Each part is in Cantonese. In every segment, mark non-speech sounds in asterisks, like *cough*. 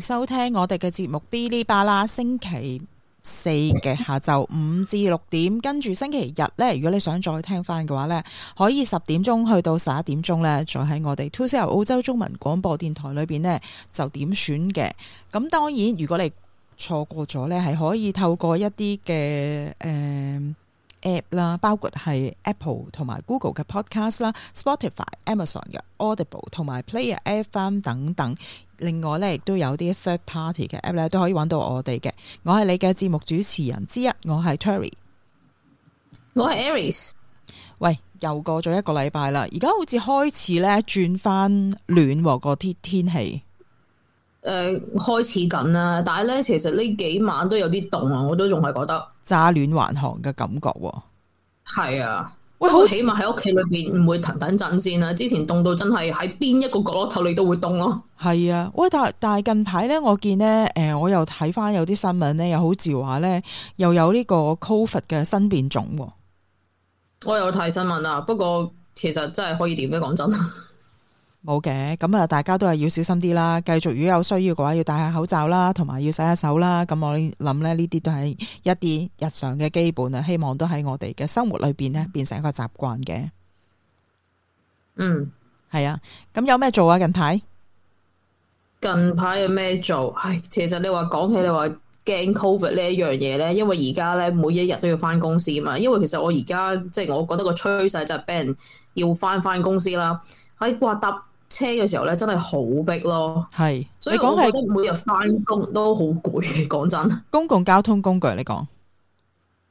收聽我哋嘅節目 Bilibala，星期四嘅下晝五至六點，跟住星期日咧，如果你想再聽翻嘅話咧，可以十點鐘去到十一點鐘咧，再喺我哋 Two C 澳洲中文廣播電台裏邊咧就點選嘅。咁當然，如果你錯過咗咧，係可以透過一啲嘅誒 App 啦，包括係 Apple 同埋 Google 嘅 Podcast 啦、Spotify、Amazon 嘅 Audible 同埋 Player FM 等等。另外咧，亦都有啲 third party 嘅 app 咧，都可以揾到我哋嘅。我係你嘅節目主持人之一，我係 Terry，我係 Aries。喂，又過咗一個禮拜啦，而家好似開始咧轉翻暖和個天天氣。誒、呃，開始緊啦，但係咧，其實呢幾晚都有啲凍啊，我都仲係覺得乍暖還寒嘅感覺。係啊。喂，好起碼喺屋企裏邊唔會騰騰震先啦。之前凍到真係喺邊一個角落頭你都會凍咯，啊。係啊，喂，但係但係近排咧，我見咧，誒、呃，我又睇翻有啲新聞咧，又好似話咧，又有呢個 Covid 嘅新變種，啊。我有睇新聞啦，不過其實真係可以點樣？講真。冇嘅，咁啊，大家都係要小心啲啦。繼續，如果有需要嘅話，要戴下口罩啦，同埋要洗下手啦。咁我諗咧，呢啲都係一啲日常嘅基本啊。希望都喺我哋嘅生活裏邊咧，變成一個習慣嘅。嗯，係啊。咁有咩做啊？近排近排有咩做？唉，其實你話講起你話驚 COVID 呢一樣嘢咧，因為而家咧每一日都要翻公司啊嘛。因為其實我而家即係我覺得個趨勢就係俾人要翻翻公司啦。係哇，搭車嘅時候咧，真係好逼咯。係，所以我覺得每日翻工都好攰。講真，公共交通工具你講，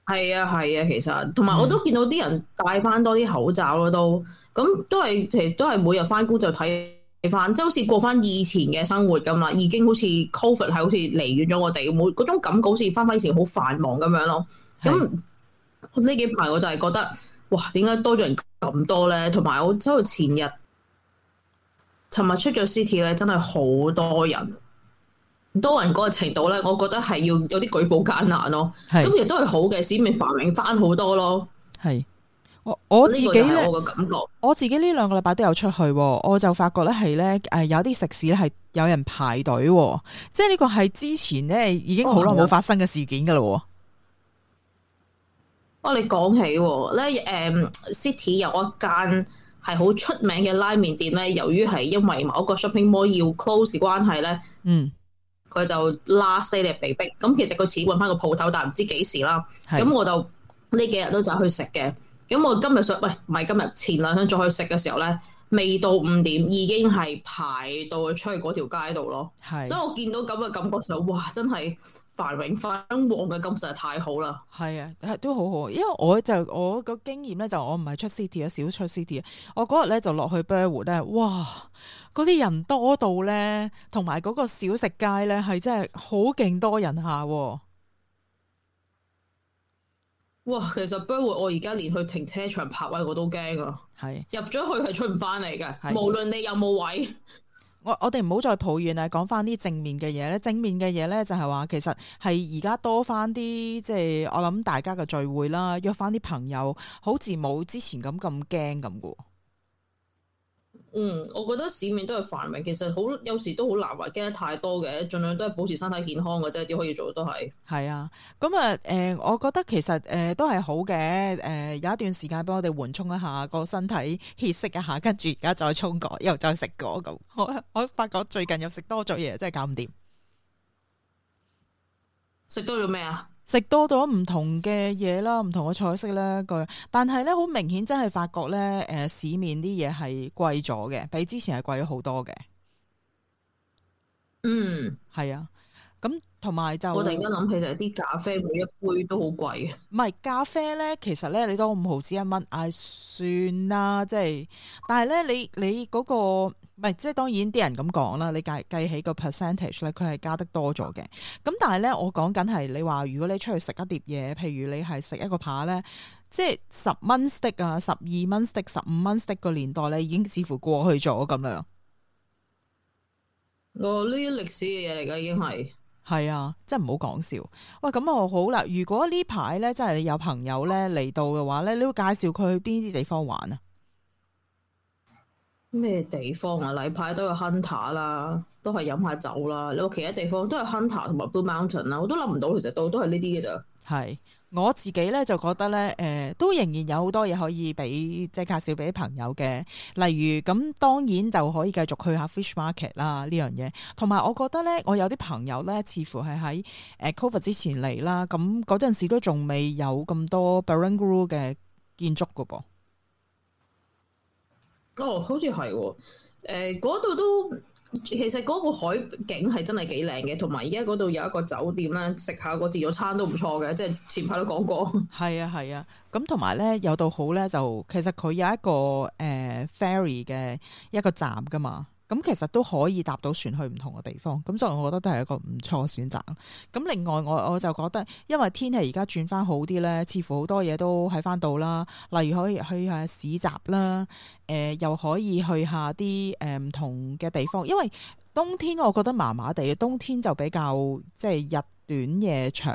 係啊係啊，其實同埋我都見到啲人戴翻多啲口罩咯，嗯、都咁都係其實都係每日翻工就睇翻，即好似過翻以前嘅生活咁啦。已經好似 COVID 係好似離遠咗我哋，每嗰種感覺好似翻翻以前好繁忙咁樣咯。咁呢是幾排我就係覺得，哇，點解多咗人咁多咧？同埋我收到前日。琴日出咗 City 咧，真係好多人，多人嗰個程度咧，我覺得係要有啲舉步艱難咯。咁亦都係好嘅，市面繁榮翻好多咯。係我我自己咧，我嘅感覺，我自己呢兩個禮拜都有出去，我就發覺咧係咧，誒有啲食肆咧係有人排隊，即係呢個係之前咧已經好耐冇發生嘅事件噶啦、哦嗯嗯。哦，你講起咧，誒、嗯、City 有一間，係好出名嘅拉麵店咧，由於係因為某個、嗯、一,一個 shopping mall 要 close 嘅關係咧，嗯，佢就 last day 咧被逼，咁其實佢似揾翻個鋪頭，但係唔知幾時啦。咁是我就呢幾日都走去食嘅，咁我今日想，喂唔係今日前兩日再去食嘅時候咧，未到五點已經係排到出去嗰條街度咯。係是，所以我見到咁嘅感覺上，哇，真係～繁榮興旺嘅感受係太好啦，係啊，都好好。因為我就我個經驗咧，就我唔係出 city 啊，少出 city 啊。我嗰日咧就落去 Burwood 咧，哇，嗰啲人多到咧，同埋嗰個小食街咧係真係好勁多人下、啊。哇！其實 Burwood 我而家連去停車場泊位我都驚啊，係的入咗去係出唔翻嚟嘅，的無論你有冇位。 *laughs* 我我哋唔好再抱怨啦，講翻啲正面嘅嘢咧。正面嘅嘢咧就係話，其實係而家多翻啲，即係我諗大家嘅聚會啦，約翻啲朋友，好似冇之前咁咁驚咁嘅。嗯，我覺得市面都係繁榮，其實好有時都好難話驚得太多嘅，盡量都係保持身體健康嘅啫，只可以做都係。係啊，咁啊，誒、呃，我覺得其實誒、呃、都係好嘅，誒、呃、有一段時間幫我哋緩衝一下個身體歇息一下，跟住而家再衝過又再食過咁。我我發覺最近又食多咗嘢，真係搞唔掂。食多咗咩啊？食多咗唔同嘅嘢啦，唔同嘅菜式咧，但係咧，好明顯真係發覺咧，誒、呃、市面啲嘢係貴咗嘅，比之前係貴咗好多嘅。嗯，係、嗯、啊，咁。同埋就，我突然間諗起就啲咖啡每一杯都好貴嘅。唔係咖啡咧，其實咧你多五毫子一蚊，唉、哎、算啦，即係。但係咧，你你嗰、那個唔係，即係當然啲人咁講啦。你計計起個 percentage 咧，佢係加得多咗嘅。咁但係咧，我講緊係你話，如果你出去食一碟嘢，譬如你係食一個扒咧，即係十蚊 stick 啊，十二蚊 stick，十五蚊 stick 個年代咧，已經似乎過去咗咁樣。哦，呢啲歷史嘅嘢嚟噶，已經係。係啊，真係唔好講笑。喂，咁我好啦。如果呢排咧，真係你有朋友咧嚟到嘅話咧，你會介紹佢去邊啲地方玩啊？咩地方啊？禮拜都有 hunter 啦，都係飲下酒啦。你話其他地方都係 hunter 同埋 Blue Mountain 啦，我都諗唔到，其實到都係呢啲嘅咋，係。我自己咧就覺得咧，誒、呃，都仍然有好多嘢可以俾即係介紹俾朋友嘅。例如咁，當然就可以繼續去下 Fish Market 啦呢樣嘢，同埋我覺得咧，我有啲朋友咧，似乎係喺誒 Covid 之前嚟啦，咁嗰陣時都仲未有咁多 Barangaroo、er、o 嘅建築噶噃。哦，好似係、哦，誒、呃，度都。其實嗰個海景係真係幾靚嘅，同埋而家嗰度有一個酒店啦，食下個自助餐都唔錯嘅，即係前排都講過。係 *laughs* 啊，係啊，咁同埋咧有度好咧，就其實佢有一個誒、呃、Ferry 嘅一個站㗎嘛。咁其實都可以搭到船去唔同嘅地方，咁所以我覺得都係一個唔錯嘅選擇。咁另外我我就覺得，因為天氣而家轉翻好啲咧，似乎好多嘢都喺翻度啦。例如可以去下市集啦，誒、呃、又可以去一下啲誒唔同嘅地方。因為冬天我覺得麻麻地，冬天就比較即係日短夜長，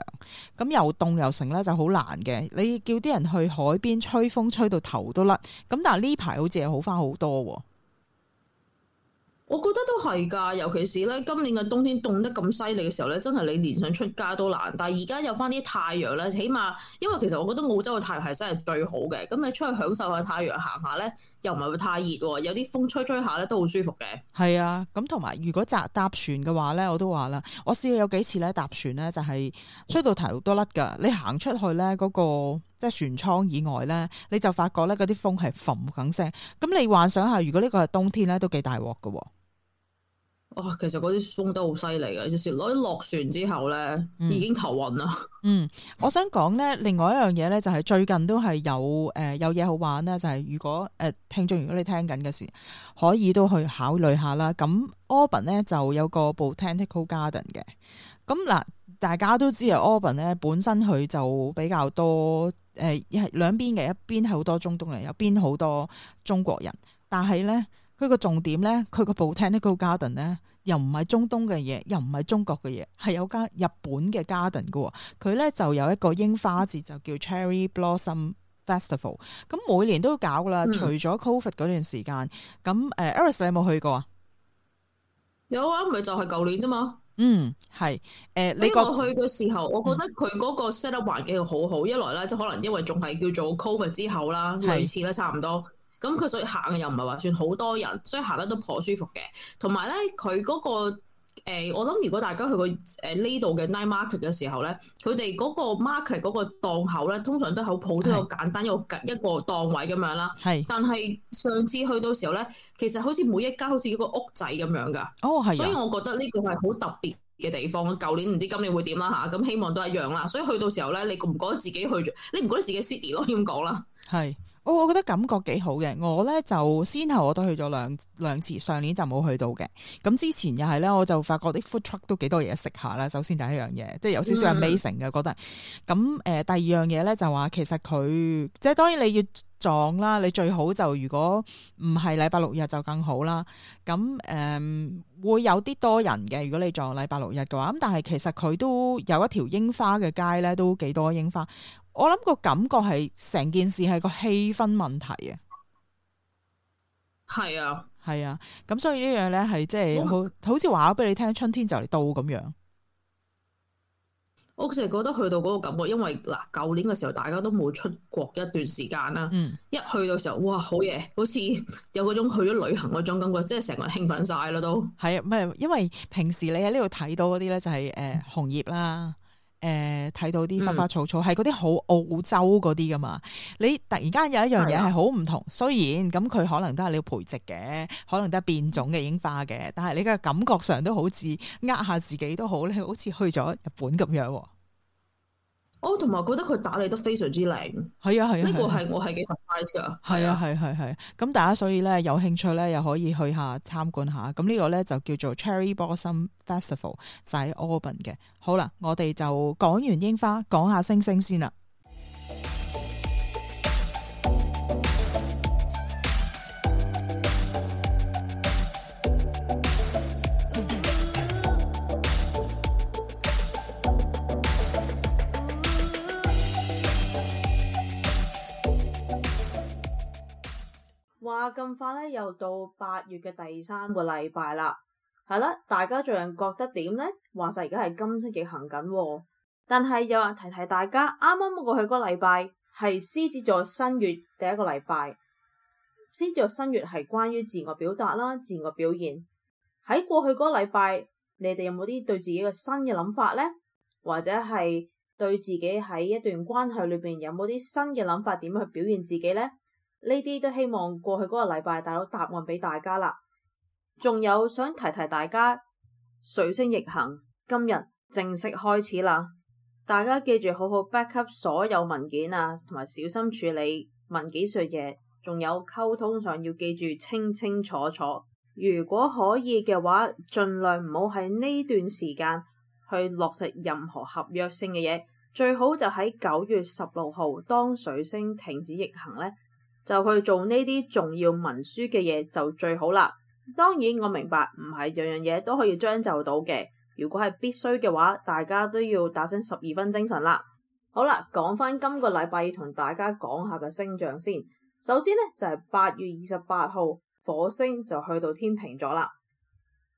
咁又凍又成咧，就好難嘅。你叫啲人去海邊吹風，吹到頭都甩。咁但係呢排好似又好翻好多喎。我覺得都係㗎，尤其是咧今年嘅冬天凍得咁犀利嘅時候咧，真係你連想出街都難。但係而家有翻啲太陽咧，起碼因為其實我覺得澳洲嘅太陽係真係最好嘅。咁你出去享受下太陽行，行下咧又唔係會太熱，有啲風吹吹，吹下咧都好舒服嘅。係啊，咁同埋如果搭搭船嘅話咧，我都話啦，我試過有幾次咧搭船咧就係吹到頭都甩㗎。你行出去咧、那、嗰個即係、就是、船艙以外咧，你就發覺咧嗰啲風係揈哽聲。咁你幻想下，如果呢個係冬天咧，都幾大鑊㗎。哇、哦，其實嗰啲風都好犀利嘅，有時攞啲落船之後咧，嗯、已經頭暈啦。嗯，我想講咧，另外一樣嘢咧，就係、是、最近都係有誒、呃、有嘢好玩咧，就係、是、如果誒、呃、聽眾，如果你聽緊嘅時，可以都去考慮下啦。咁 Orban 咧就有個 Botanical Garden 嘅。咁嗱，大家都知啊，Orban 咧本身佢就比較多誒，係、呃、兩邊嘅，一邊係好多中東人，一邊好多中國人，但係咧。佢個重點咧，佢個 botanical 咧，佢個 garden 咧，又唔係中東嘅嘢，又唔係中國嘅嘢，係有間日本嘅 garden 嘅喎。佢咧就有一個櫻花節，就叫 Cherry Blossom Festival。咁每年都搞噶啦，嗯、除咗 COVID 嗰段時間。咁、呃、誒，Aries 你有冇去過啊？有啊，咪就係舊年啫嘛。嗯，係。誒、呃，你過去嘅時候，嗯、我覺得佢嗰個 set up 環境好好。一來咧，即可能因為仲係叫做 COVID 之後啦，類似啦，差唔多。咁佢所以行嘅又唔係話算好多人，所以行得都頗舒服嘅。同埋咧，佢嗰、那個、呃、我諗如果大家去過誒呢度嘅 night market 嘅時候咧，佢哋嗰個 market 嗰個檔口咧，通常都係好普通、個簡單一個一個檔位咁樣啦。係是。但係上次去到時候咧，其實好似每一間好似一個屋仔咁樣噶。哦，係、啊。所以我覺得呢個係好特別嘅地方。舊年唔知今年會點啦吓，咁、啊、希望都一樣啦。所以去到時候咧，你唔覺得自己去咗？你唔覺得自己 city 咯？咁講啦。係。我、哦、我覺得感覺幾好嘅，我咧就先後我都去咗兩兩次，上年就冇去到嘅。咁之前又係咧，我就發覺啲 food truck 都幾多嘢食下啦。首先第一樣嘢，即係有少少 amazing 嘅覺得。咁誒、嗯嗯、第二樣嘢咧就話其實佢即係當然你要撞啦，你最好就如果唔係禮拜六日就更好啦。咁誒、嗯、會有啲多人嘅，如果你撞禮拜六日嘅話，咁但係其實佢都有一條櫻花嘅街咧，都幾多櫻花。我諗個感覺係成件事係個氣氛問題啊，係啊，係啊，咁所以呢樣咧係即係好好似話俾你聽春天就嚟到咁樣。我成日覺得去到嗰個感覺，因為嗱舊、啊、年嘅時候大家都冇出國一段時間啦，嗯、一去到時候哇好嘢，好似有嗰種去咗旅行嗰種感覺，即係成個人興奮晒啦都。係啊，咩？因為平時你喺呢度睇到嗰啲咧就係、是、誒、呃、紅葉啦。誒、呃、睇到啲花花草草係嗰啲好澳洲嗰啲㗎嘛？你突然間有一樣嘢係好唔同，的雖然咁佢可能都係你要培植嘅，可能都係變種嘅櫻花嘅，但係你嘅感覺上都好似呃下自己都好咧，你好似去咗日本咁樣。Oh, 我同埋覺得佢打理得非常之靚，係啊係啊，呢、啊啊、個係我係幾 surprise 㗎。係啊係係係，咁、啊啊啊啊、大家所以咧有興趣咧又可以去下參觀下，咁呢個咧就叫做 Cherry Blossom Festival 喺 Osborne 嘅。好啦，我哋就講完櫻花，講下星星先啦。話咁快咧，又到八月嘅第三個禮拜啦，係啦，大家仲覺得點呢？話晒而家係金星逆行緊喎，但係有人提提大家，啱啱過去嗰個禮拜係獅子座新月第一個禮拜，獅子座新月係關於自我表達啦、自我表現。喺過去嗰個禮拜，你哋有冇啲對自己嘅新嘅諗法呢？或者係對自己喺一段關係裏邊有冇啲新嘅諗法，點去表現自己呢？呢啲都希望過去嗰個禮拜帶到答案俾大家啦。仲有想提提大家，水星逆行今日正式開始啦。大家記住好好 backup 所有文件啊，同埋小心處理文件碎嘢。仲有溝通上要記住清清楚楚。如果可以嘅話，盡量唔好喺呢段時間去落實任何合約性嘅嘢，最好就喺九月十六號當水星停止逆行呢，就去做呢啲重要文書嘅嘢就最好啦。當然我明白唔係樣樣嘢都可以將就到嘅。如果係必須嘅話，大家都要打醒十二分精神啦。好啦，講翻今個禮拜要同大家講下嘅星象先。首先呢就係八月二十八號，火星就去到天平咗啦。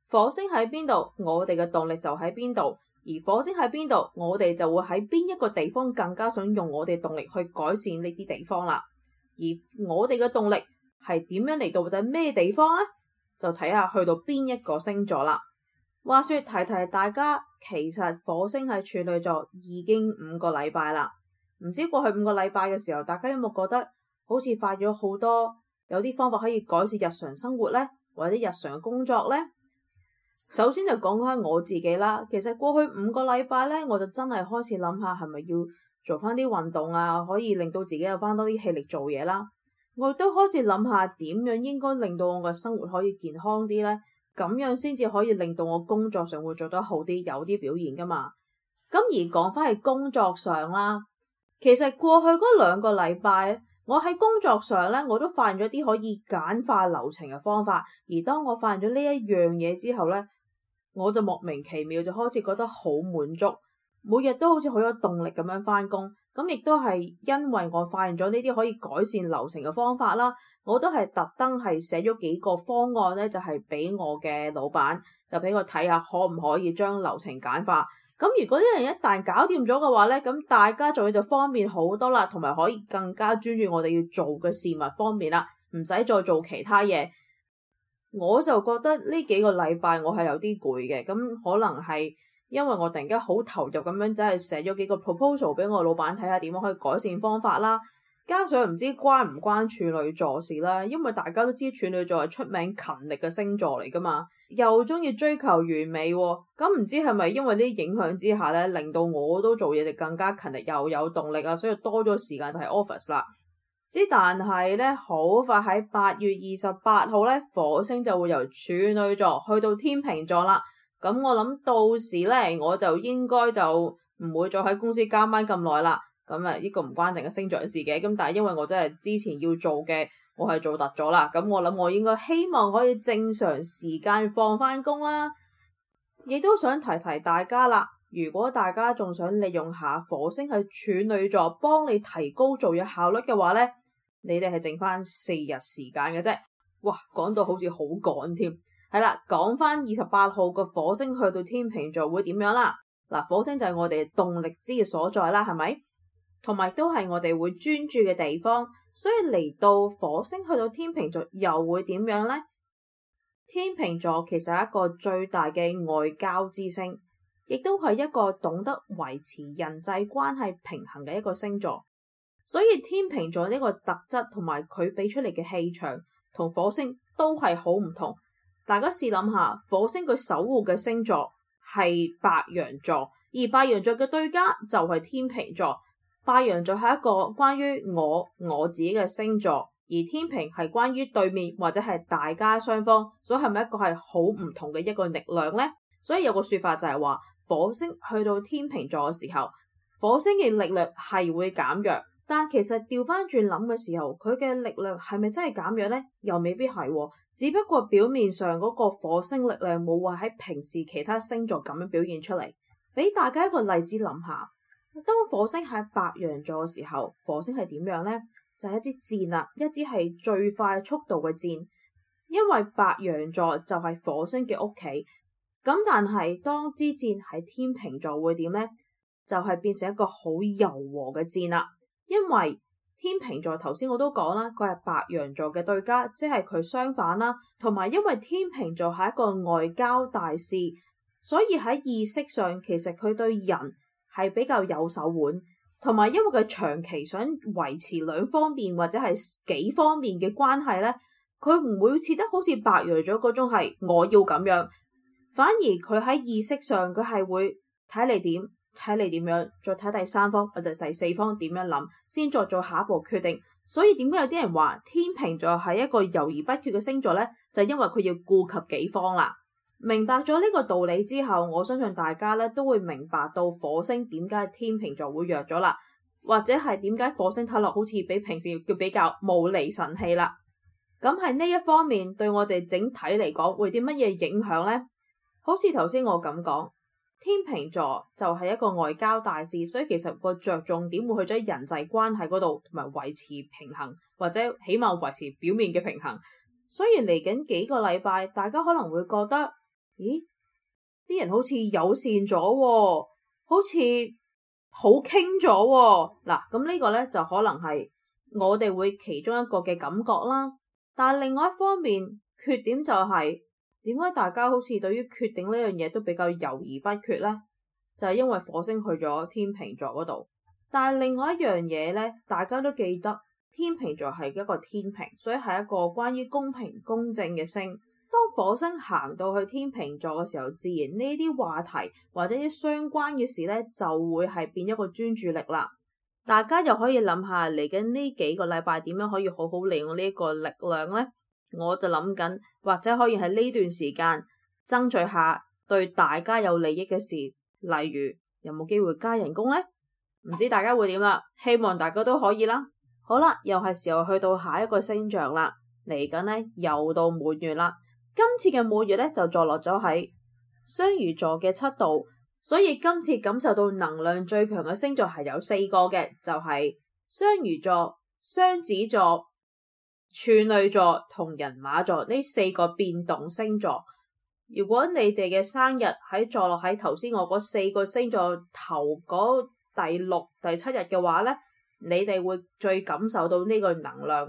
火星喺邊度，我哋嘅動力就喺邊度。而火星喺邊度，我哋就會喺邊一個地方更加想用我哋動力去改善呢啲地方啦。而我哋嘅動力係點樣嚟到或者咩地方呢？就睇下去到邊一個星座啦。話說提提大家，其實火星係處女座已經五個禮拜啦。唔知過去五個禮拜嘅時候，大家有冇覺得好似發咗好多？有啲方法可以改善日常生活呢，或者日常工作呢？首先就講開我自己啦。其實過去五個禮拜咧，我就真係開始諗下係咪要。做翻啲運動啊，可以令到自己有翻多啲氣力做嘢啦。我都開始諗下點樣應該令到我嘅生活可以健康啲呢，咁樣先至可以令到我工作上會做得好啲，有啲表現㗎嘛。咁而講翻係工作上啦，其實過去嗰兩個禮拜，我喺工作上呢，我都發現咗啲可以簡化流程嘅方法。而當我發現咗呢一樣嘢之後呢，我就莫名其妙就開始覺得好滿足。每日都好似好有動力咁樣翻工，咁亦都係因為我發現咗呢啲可以改善流程嘅方法啦，我都係特登係寫咗幾個方案咧，就係俾我嘅老闆就俾我睇下可唔可以將流程簡化。咁如果啲人一旦搞掂咗嘅話咧，咁大家做嘢就方便好多啦，同埋可以更加專注我哋要做嘅事物方面啦，唔使再做其他嘢。我就覺得呢幾個禮拜我係有啲攰嘅，咁可能係。因為我突然間好投入咁樣，真係寫咗幾個 proposal 俾我老闆睇下，點樣可以改善方法啦。加上唔知關唔關處女座事啦，因為大家都知處女座係出名勤力嘅星座嚟噶嘛，又中意追求完美啊。咁唔知係咪因為呢啲影響之下咧，令到我都做嘢就更加勤力，又有動力啊，所以多咗時間就喺 office 啦。之但係咧，好快喺八月二十八號咧，火星就會由處女座去到天秤座啦。咁我諗到時咧，我就應該就唔會再喺公司加班咁耐啦。咁啊，呢個唔關淨嘅星象事嘅。咁但係因為我真係之前要做嘅，我係做突咗啦。咁我諗我應該希望可以正常時間放翻工啦。亦都想提提大家啦，如果大家仲想利用下火星係處女座，幫你提高做嘢效率嘅話咧，你哋係剩翻四日時間嘅啫。哇，講到好似好趕添。係啦，講翻二十八號個火星去到天秤座會點樣啦？嗱，火星就係我哋動力之嘅所在啦，係咪？同埋都係我哋會專注嘅地方，所以嚟到火星去到天秤座又會點樣呢？天秤座其實係一個最大嘅外交之星，亦都係一個懂得維持人際關係平衡嘅一個星座，所以天秤座呢個特質同埋佢俾出嚟嘅氣場同火星都係好唔同。大家試諗下，火星佢守護嘅星座係白羊座，而白羊座嘅對家就係天秤座。白羊座係一個關於我我自己嘅星座，而天秤係關於對面或者係大家雙方，所以係咪一個係好唔同嘅一個力量呢？所以有個說法就係話，火星去到天秤座嘅時候，火星嘅力量係會減弱，但其實調翻轉諗嘅時候，佢嘅力量係咪真係減弱呢？又未必係啊。只不過表面上嗰個火星力量冇話喺平時其他星座咁樣表現出嚟，俾大家一個例子諗下，當火星喺白羊座嘅時候，火星係點樣呢？就係一支箭啦，一支係最快速度嘅箭，因為白羊座就係火星嘅屋企。咁但係當支箭喺天秤座會點呢？就係變成一個好柔和嘅箭啦，因為。天秤座，頭先我都講啦，佢係白羊座嘅對家，即係佢相反啦。同埋因為天秤座係一個外交大使，所以喺意識上其實佢對人係比較有手腕。同埋因為佢長期想維持兩方面或者係幾方面嘅關係呢，佢唔會似得好似白羊座嗰種係我要咁樣，反而佢喺意識上佢係會睇你點。睇你點樣，再睇第三方或者第四方點樣諗，先作做，做下一步決定。所以點解有啲人話天秤座係一個猶豫不決嘅星座呢？就是、因為佢要顧及幾方啦。明白咗呢個道理之後，我相信大家咧都會明白到火星點解天秤座會弱咗啦，或者係點解火星睇落好似比平時要比較冇厘神氣啦。咁係呢一方面對我哋整體嚟講會啲乜嘢影響呢？好似頭先我咁講。天秤座就係一個外交大事，所以其實個着重點會去咗人際關係嗰度，同埋維持平衡，或者起碼維持表面嘅平衡。雖然嚟緊幾個禮拜，大家可能會覺得，咦，啲人好似友善咗，好似好傾咗。嗱，咁呢個呢，就可能係我哋會其中一個嘅感覺啦。但另外一方面，缺點就係、是。點解大家好似對於決定呢樣嘢都比較猶豫不決呢？就係因為火星去咗天秤座嗰度，但係另外一樣嘢呢，大家都記得天秤座係一個天平，所以係一個關於公平公正嘅星。當火星行到去天秤座嘅時候，自然呢啲話題或者啲相關嘅事呢，就會係變一個專注力啦。大家又可以諗下嚟緊呢幾個禮拜點樣可以好好利用呢個力量呢？我就諗緊，或者可以喺呢段時間爭取下對大家有利益嘅事，例如有冇機會加人工呢？唔知大家會點啦，希望大家都可以啦。好啦，又係時候去到下一個星座啦，嚟緊呢，又到滿月啦。今次嘅滿月呢，就坐落咗喺雙魚座嘅七度，所以今次感受到能量最強嘅星座係有四個嘅，就係、是、雙魚座、雙子座。處女座同人馬座呢四個變動星座，如果你哋嘅生日喺坐落喺頭先我嗰四個星座頭嗰第六、第七日嘅話呢，你哋會最感受到呢個能量。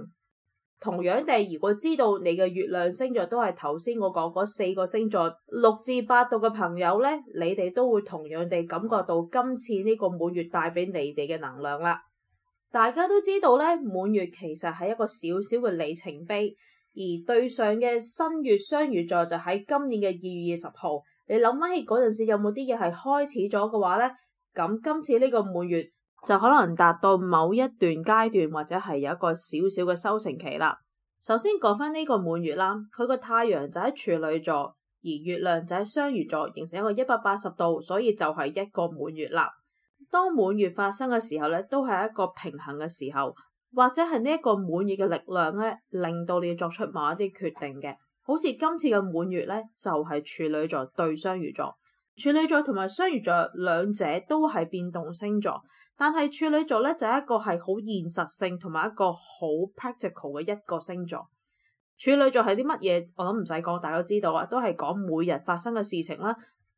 同樣地，如果知道你嘅月亮星座都係頭先我講嗰四個星座六至八度嘅朋友呢，你哋都會同樣地感覺到今次呢個滿月帶俾你哋嘅能量啦。大家都知道咧，滿月其實係一個小小嘅里程碑，而對上嘅新月雙魚座就喺今年嘅二月二十號。你諗翻起嗰陣時有冇啲嘢係開始咗嘅話咧？咁今次呢個滿月就可能達到某一段階段，或者係有一個小小嘅收成期啦。首先講翻呢個滿月啦，佢個太陽就喺處女座，而月亮就喺雙魚座，形成一個一百八十度，所以就係一個滿月啦。當滿月發生嘅時候咧，都係一個平衡嘅時候，或者係呢一個滿月嘅力量咧，令到你作出某一啲決定嘅。好似今次嘅滿月咧，就係處女座對雙魚座，處女座同埋雙魚座兩者都係變動星座，但係處女座咧就係一個係好現實性同埋一個好 practical 嘅一個星座。處女座係啲乜嘢？我諗唔使講，大家都知道啊，都係講每日發生嘅事情啦。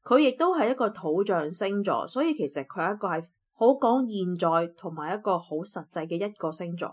佢亦都係一個土象星座，所以其實佢係一個好講現在同埋一個好實際嘅一個星座。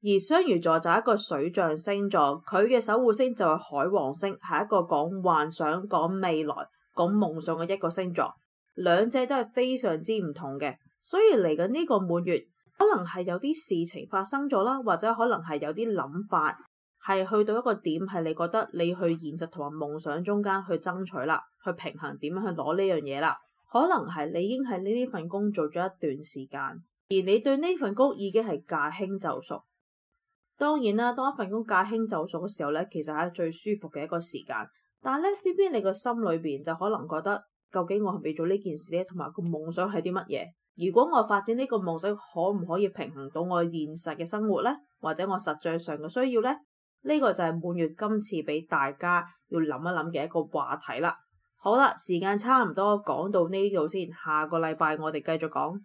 而雙魚座就係一個水象星座，佢嘅守護星就係海王星，係一個講幻想、講未來、講夢想嘅一個星座。兩者都係非常之唔同嘅，所以嚟緊呢個滿月，可能係有啲事情發生咗啦，或者可能係有啲諗法。係去到一個點，係你覺得你去現實同埋夢想中間去爭取啦，去平衡點樣去攞呢樣嘢啦。可能係你已經喺呢呢份工做咗一段時間，而你對呢份工已經係駕輕就熟。當然啦，當一份工駕輕就熟嘅時候咧，其實係最舒服嘅一個時間。但係咧，偏偏你個心裏邊就可能覺得，究竟我係咪做呢件事咧？同埋個夢想係啲乜嘢？如果我發展呢個夢想，可唔可以平衡到我現實嘅生活咧？或者我實際上嘅需要咧？呢個就係滿月今次畀大家要諗一諗嘅一個話題啦。好啦，時間差唔多，講到呢度先。下個禮拜我哋繼續講。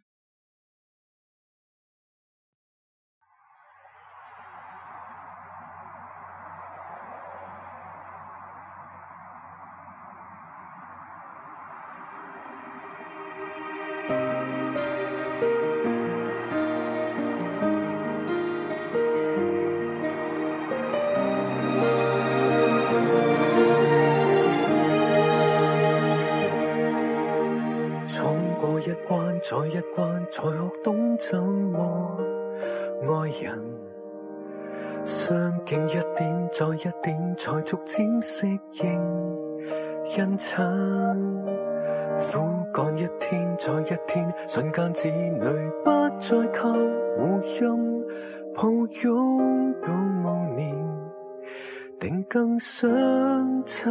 干一天再一天，瞬間子女不再靠護蔭，抱擁到暮年，定更相襯。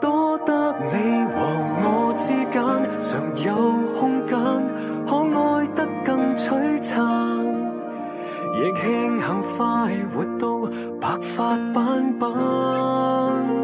多得你和我之間，常有空間，可愛得更璀璨，亦慶幸快活到白髮斑斑。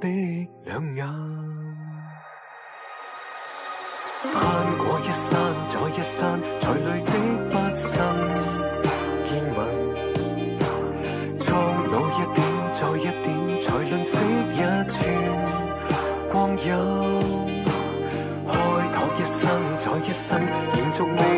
的兩眼，攀過一山再一山，才累積半生見聞；蒼老一點再一點，才吝嗇一寸光陰；開拓一生再一生，延續未。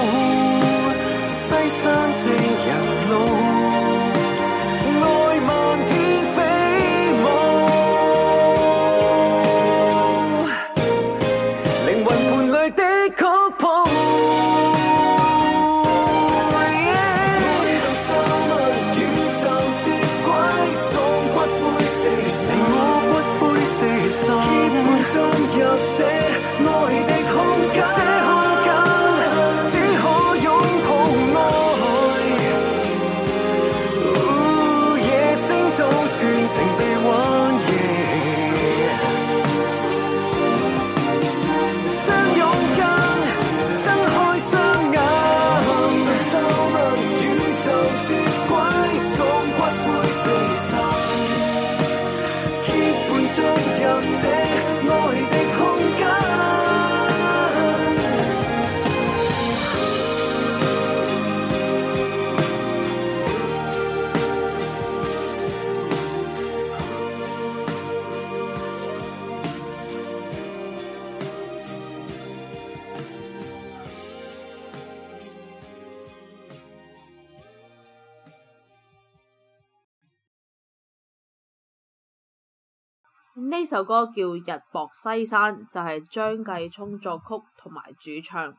呢首歌叫《日薄西山》，就係張繼聰作曲同埋主唱，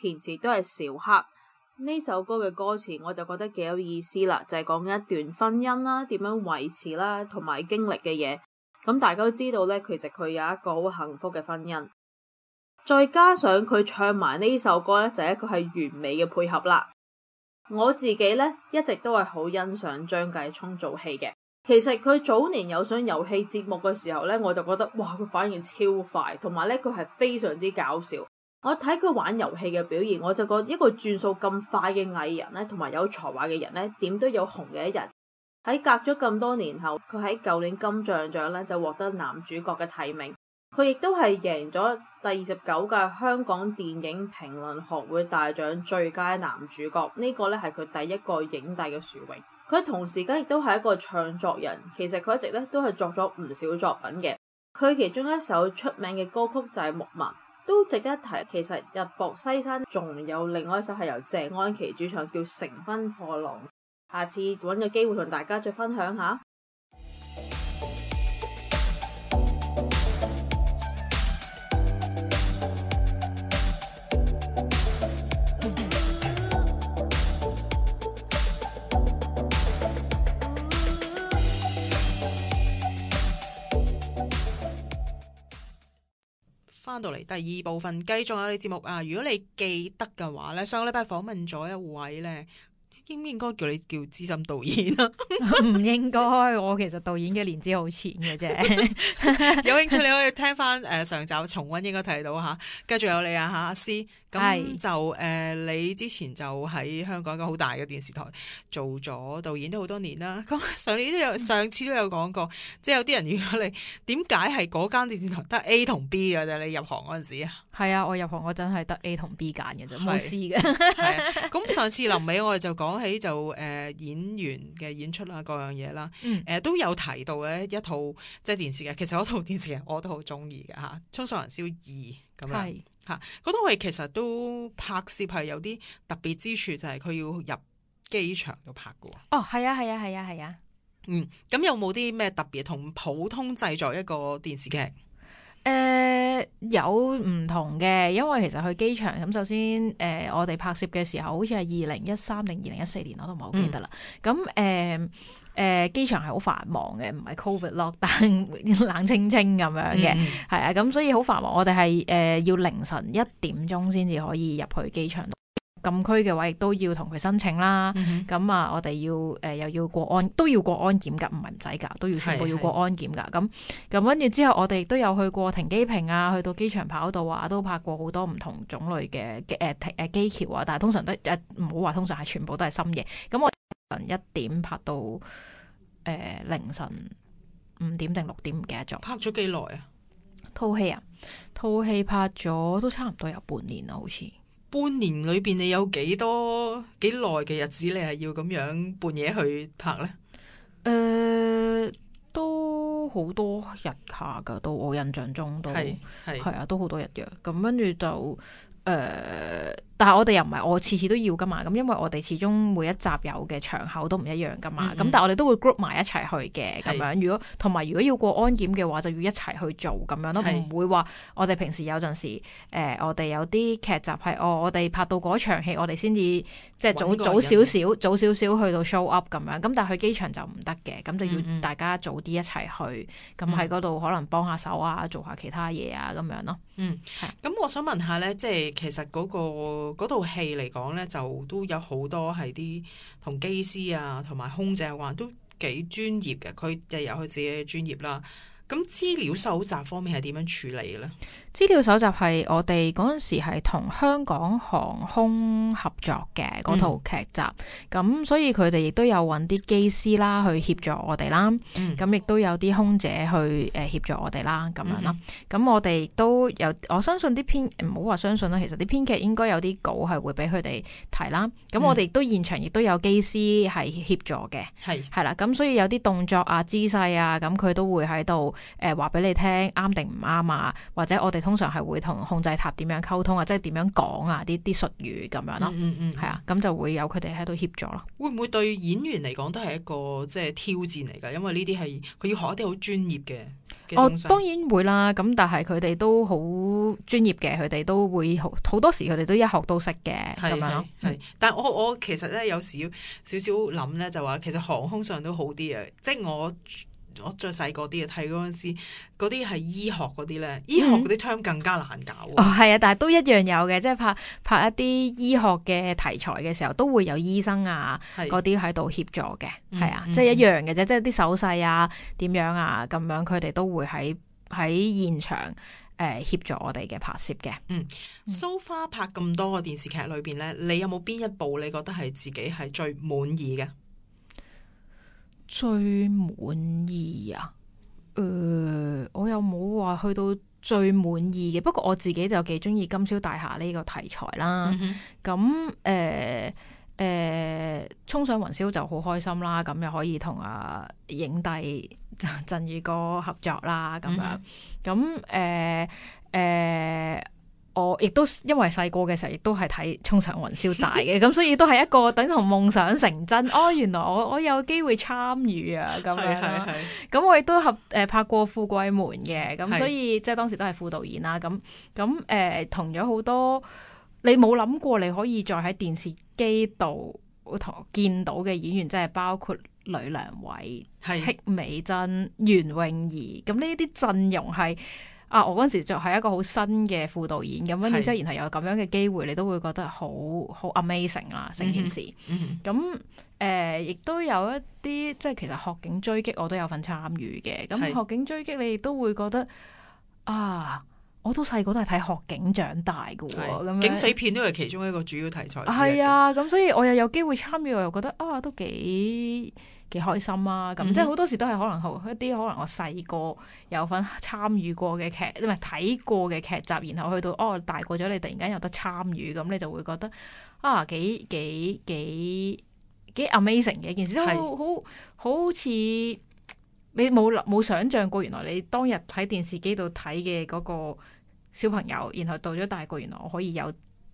填詞都係小克。呢首歌嘅歌詞我就覺得幾有意思啦，就係講一段婚姻啦，點樣維持啦，同埋經歷嘅嘢。咁大家都知道呢，其實佢有一個好幸福嘅婚姻，再加上佢唱埋呢首歌呢，就係一個係完美嘅配合啦。我自己呢，一直都係好欣賞張繼聰做戲嘅。其實佢早年有上遊戲節目嘅時候咧，我就覺得哇，佢反應超快，同埋咧，佢係非常之搞笑。我睇佢玩遊戲嘅表現，我就覺得一個轉數咁快嘅藝人咧，同埋有，有才華嘅人咧，點都有紅嘅一日。喺隔咗咁多年後，佢喺舊年金像獎咧就獲得男主角嘅提名，佢亦都係贏咗第二十九屆香港電影評論學會大獎最佳男主角，呢、呢個咧係佢第一個影帝嘅殊榮。佢同時間亦都係一個唱作人，其實佢一直咧都係作咗唔少作品嘅。佢其中一首出名嘅歌曲就係，是《木紋》，都值得一提。其實《日薄西山》仲有另外一首係由謝安琪主唱，叫《乘風破浪》。下次揾個機會同大家再分享下。翻到嚟第二部分，繼續有你節目啊！如果你記得嘅話咧，上個禮拜訪問咗一位咧。應唔應該叫你叫資深導演咯、啊？唔 *laughs* 應該，我其實導演嘅年資好淺嘅啫。 *laughs* *laughs* 有興趣你可以聽翻誒上集重溫，應該睇到吓。繼續有你啊吓阿 C 咁就誒是、呃、你之前就喺香港嘅好大嘅電視台做咗導演都好多年啦。咁上年都有上次都有講過， *laughs* 即係有啲人如果你點解係嗰間電視台得 A 同 B 嘅啫？你入行嗰陣時啊，係啊，我入行嗰陣係得 A 同 B 揀嘅啫，冇 C 嘅。咁、 *laughs* 啊、上次臨尾我哋就講。講起就誒演員嘅演出啦，各樣嘢啦，誒、嗯、都有提到咧一套即係電視劇。其實嗰套電視劇我都好中意嘅吓，《衝上雲霄二》咁樣吓，嗰套戲其實都拍攝係有啲特別之處，就係、是、佢要入機場度拍嘅。哦，係啊，係啊，係啊，係啊。嗯，咁有冇啲咩特別同普通製作一個電視劇？誒、呃，有唔同嘅，因為其實去機場咁，首先誒、呃，我哋拍攝嘅時候，好似係二零一三定二零一四年，我都唔係好記得啦。咁誒誒，機、嗯、場係好繁忙嘅，唔係 covid lockdown，但冷清清咁樣嘅，係啊、嗯，咁所以好繁忙。我哋係誒要凌晨一點鐘先至可以入去機場度。禁區嘅話，亦都要同佢申請啦。咁啊、嗯哼，我哋要誒、呃、又要過安，都要過安檢㗎，唔係唔使㗎，都要全部要過安檢㗎。咁咁跟住之後，我哋都有去過停機坪啊，去到機場跑道啊，都拍過好多唔同種類嘅誒停誒機橋、呃、啊。但係通常都唔好話，呃、通常係全部都係深夜。咁我從一點拍到誒、呃、凌晨五點定六點唔記得咗。拍咗幾耐啊？套戲啊？套戲拍咗都差唔多有半年啊，好似。半年裏邊，你有幾多幾耐嘅日子，你係要咁樣半夜去拍呢？誒、呃，都好多日下噶，都我印象中都係係啊，都好多日嘅。咁跟住就誒。呃但係我哋又唔係我次次都要噶嘛，咁因為我哋始終每一集有嘅場口都唔一樣噶嘛，咁、嗯嗯、但係我哋都會 group 埋一齊去嘅咁樣。是如果同埋如果要過安檢嘅話，就要一齊去做咁樣咯，唔是會話我哋平時有陣時誒、呃，我哋有啲劇集係哦，我哋拍到嗰場戲，我哋先至即係早早少少，早少少去到 show up 咁樣。咁但係去機場就唔得嘅，咁就要大家早啲一齊去，咁喺嗰度可能幫下手啊，做下其他嘢啊咁樣咯。嗯，咁我想問下咧，即係其實嗰、嗰個嗰套戲嚟講呢，就都有好多係啲同機師啊，同埋空姐有關都幾專業嘅。佢又有佢自己嘅專業啦。咁資料蒐集方面係點樣處理呢？資料搜集，係我哋嗰陣時係同香港航空合作嘅套劇集，咁、嗯嗯、所以佢哋亦都有搵啲機師啦去協助我哋啦，咁亦都有啲空姐去誒協助我哋啦，咁樣啦。咁我哋亦都有，我相信啲編唔好話相信啦，其實啲編劇應該有啲稿係會俾佢哋睇啦。咁、嗯嗯、我哋亦都現場亦都有機師係協助嘅，係係啦。咁所以有啲動作啊、姿勢啊，咁佢都會喺度誒話俾你聽啱定唔啱啊，或者我哋。通常係會同控制塔點樣溝通樣啊，即係點樣講、嗯嗯嗯、啊，啲啲術語咁樣咯，係啊，咁就會有佢哋喺度協助啦。會唔會對演員嚟講都係一個即係挑戰嚟噶？因為呢啲係佢要學一啲好專業嘅。哦，當然會啦。咁但係佢哋都好專業嘅，佢哋都會好好多時，佢哋都一學都識嘅咁樣。係是、嗯，但係我我其實咧有時少少諗咧，就話其實航空上都好啲啊，即係我。我最細個啲啊，睇嗰陣時，嗰啲係醫學嗰啲咧，嗯、醫學嗰啲 term 更加難搞。哦，係啊，但係都一樣有嘅，即係拍拍一啲醫學嘅題材嘅時候，都會有醫生啊，嗰啲喺度協助嘅，係、嗯、啊，即係一樣嘅啫，即係啲手勢啊，點樣啊，咁樣佢哋都會喺喺現場誒協助我哋嘅拍攝嘅。嗯，So far 拍咁多個電視劇裏邊咧，你有冇邊一部你覺得係自己係最滿意嘅？最滿意啊？誒、呃，我又冇話去到最滿意嘅。不過我自己就幾中意《金宵大廈》呢個題材啦。咁誒誒，衝、呃呃、上雲霄就好開心啦。咁又可以同阿、啊、影帝鎮鎮宇哥合作啦。咁樣咁誒誒。嗯哼我亦都因為細個嘅時候，亦都係睇《衝上雲霄》大嘅，咁、 *laughs* 嗯、所以都係一個等同夢想成真哦！原來我我有機會參與啊，咁樣、啊。咁 *laughs* 我亦都合誒拍過《富貴門》嘅，咁所以即係對當時都係副導演啦、啊。咁咁誒同咗好多你冇諗過你可以再喺電視機度同見到嘅演員，即係包括呂良偉、戚對 Hil f. 美珍、袁詠儀，咁呢啲陣容係。啊！我嗰陣時就係一個好新嘅副導演咁，咁然之後然後有咁樣嘅機會，你都會覺得好好 amazing 啦成件事。咁誒、嗯嗯呃，亦都有一啲即係其實《學警追擊》我都有份參與嘅。咁《學警追擊》你亦都會覺得是啊，我都細個都係睇《學警》長大嘅喎。咁是麼警匪片都係其中一個主要題材。係啊，咁所以我又有機會參與，我又覺得啊，都幾～幾開心啊！咁即係好多時都係可能一啲可能我細個有份參與過嘅劇，唔係睇過嘅劇集，然後去到哦大個咗，你突然間有得參與，咁你就會覺得啊幾幾幾幾 amazing 嘅一件事，是好好好似你冇冇想象過，原來你當日喺電視機度睇嘅嗰個小朋友，然後到咗大個，原來我可以有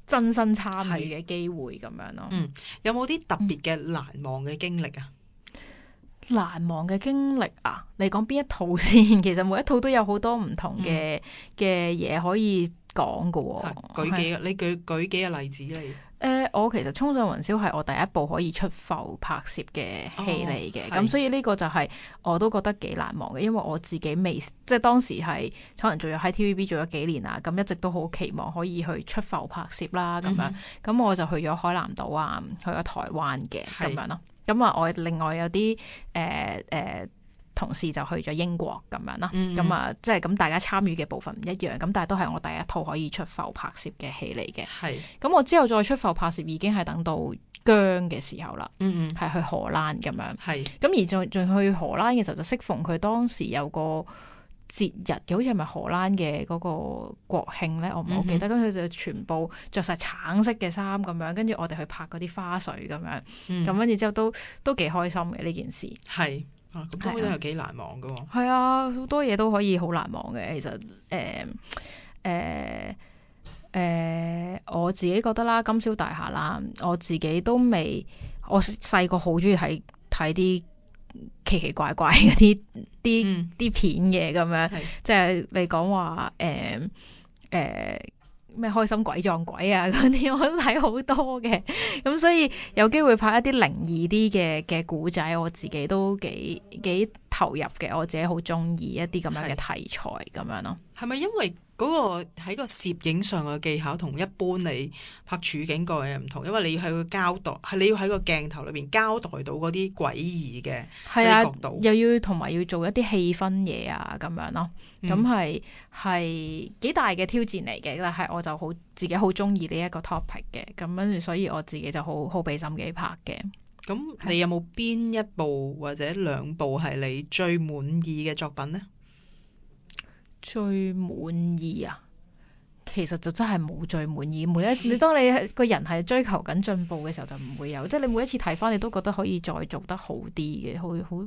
親身參與嘅機會咁樣咯。嗯，有冇啲特別嘅難忘嘅經歷啊？嗯難忘嘅經歷啊！你講邊一套先？其實每一套都有好多唔同嘅嘅嘢可以講㗎、哦啊。舉幾個是？你舉舉幾個例子嚟？誒、呃，我其實衝上雲霄係我第一部可以出埠拍攝嘅戲嚟嘅，咁、哦、所以呢個就係我都覺得幾難忘嘅，因為我自己未即係當時係可能做咗喺 TVB 做咗幾年啦，咁一直都好期望可以去出埠拍攝啦，咁樣、嗯哼，咁我就去咗海南島啊，去咗台灣嘅咁是樣咯，咁啊，我另外有啲誒誒。呃呃同事就去咗英國咁樣啦，咁啊、嗯嗯，即係咁大家參與嘅部分唔一樣，咁但係都係我第一套可以出埠拍攝嘅戲嚟嘅。係是，咁我之後再出埠拍攝已經係等到僵嘅時候啦。嗯嗯，係去荷蘭咁樣。係是，咁而仲仲去荷蘭嘅時候，就適逢佢當時有個節日嘅，好似係咪荷蘭嘅嗰個國慶咧？我唔係好記得。跟佢、嗯嗯、就全部着晒橙色嘅衫咁樣，跟住我哋去拍嗰啲花絮咁樣。嗯，咁跟住之後都都幾開心嘅呢件事。係。啊！咁多嘢都係幾難忘噶喎，係啊，好、啊、多嘢都可以好難忘嘅。其實，誒、呃，誒、呃，誒、呃，我自己覺得啦，金宵大廈啦，我自己都未，我細個好中意睇睇啲奇奇怪怪啲啲啲片嘅咁樣，即係的你講話，誒、呃，誒、呃。咩開心鬼撞鬼啊嗰啲 *laughs* 我都睇好多嘅，咁 *laughs* 所以有機會拍一啲靈異啲嘅嘅古仔，我自己都幾幾投入嘅，我自己好中意一啲咁樣嘅題材咁是樣咯。係咪因為？嗰個喺個攝影上嘅技巧同一般你拍處境個嘢唔同，因為你要喺個交代，係你要喺個鏡頭裏邊交代到嗰啲詭異嘅角度，啊、又要同埋要做一啲氣氛嘢啊咁樣咯，咁係係幾大嘅挑戰嚟嘅，但係我就好自己好中意呢一個 topic 嘅，咁跟住所以我自己就好好俾心機拍嘅。咁你有冇邊一部或者兩部係你最滿意嘅作品呢？最滿意啊？其實就真係冇最滿意。每一次你當你個人係追求緊進步嘅時候，就唔會有。即係你每一次睇返，你都覺得可以再做得好啲嘅，好好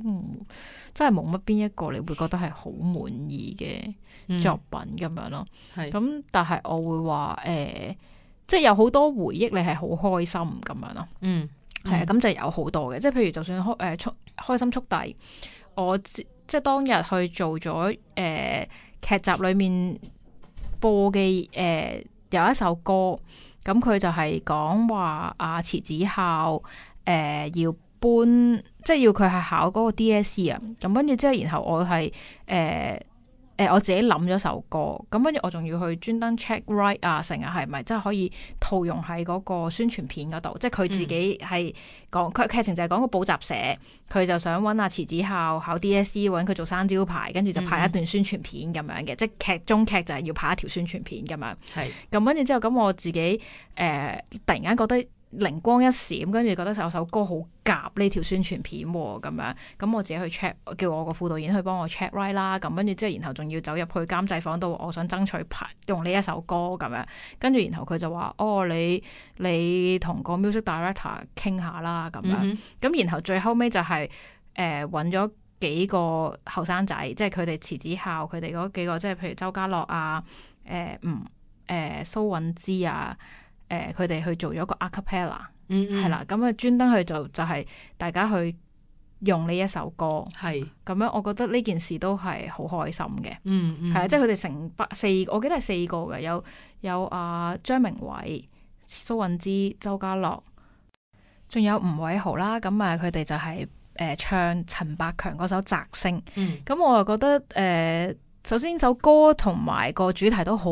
真係冇乜邊一個你會覺得係好滿意嘅作品咁、嗯、樣咯。咁是，但係我會話誒、呃，即係有好多回憶，你係好開心咁樣咯、嗯。嗯，係啊、呃，咁就有好多嘅。即係譬如，就算開誒、開、呃、開心速遞，我即係當日去做咗誒。呃劇集裏面播嘅誒、呃、有一首歌，咁佢就係講話阿慈子孝，誒、呃、要搬，即係要佢係考嗰個 DSE 啊，咁跟住之後、就是，然後我係誒。呃誒、欸，我自己諗咗首歌，咁跟住我仲要去專登 check right 啊，成日係咪即係可以套用喺嗰個宣傳片嗰度？即係佢自己係、嗯、講佢劇情就係講個補習社，佢就想搵阿池子孝考 DSE 搵佢做生招牌，跟住就拍一段宣傳片咁樣嘅，嗯、即係劇中劇就係要拍一條宣傳片咁樣。係咁跟住之後，咁我自己誒、呃，突然間覺得。靈光一閃，跟住覺得首首歌好夾呢條宣傳片喎、啊，咁樣咁我自己去 check，叫我個副導演去幫我 check right 啦。咁跟住之後，然後仲要走入去監製房度，我想爭取拍用呢一首歌咁樣。跟住然後佢就話：哦，你你同個 music director 傾下啦。咁樣咁、嗯、哼然後最後尾就係誒揾咗幾個後生仔，即係佢哋辭子孝，佢哋嗰幾個，即係譬如周家樂啊，誒嗯誒蘇韻芝啊。誒，佢哋去做咗個 a cappella，係啦、mm，咁啊專登去做，就係、是、大家去用呢一首歌，係咁是樣，我覺得呢件事都係好開心嘅，嗯、mm，係、hmm. 啊，即係佢哋成百四，我記得係四個嘅，有有阿、啊、張明偉、蘇韻芝、周家樂，仲有吳偉豪啦，咁啊佢哋就係、是、誒、呃、唱陳百強嗰首《摘星》，嗯、mm，咁、hmm. 我又覺得誒、呃，首先首歌同埋個主題都好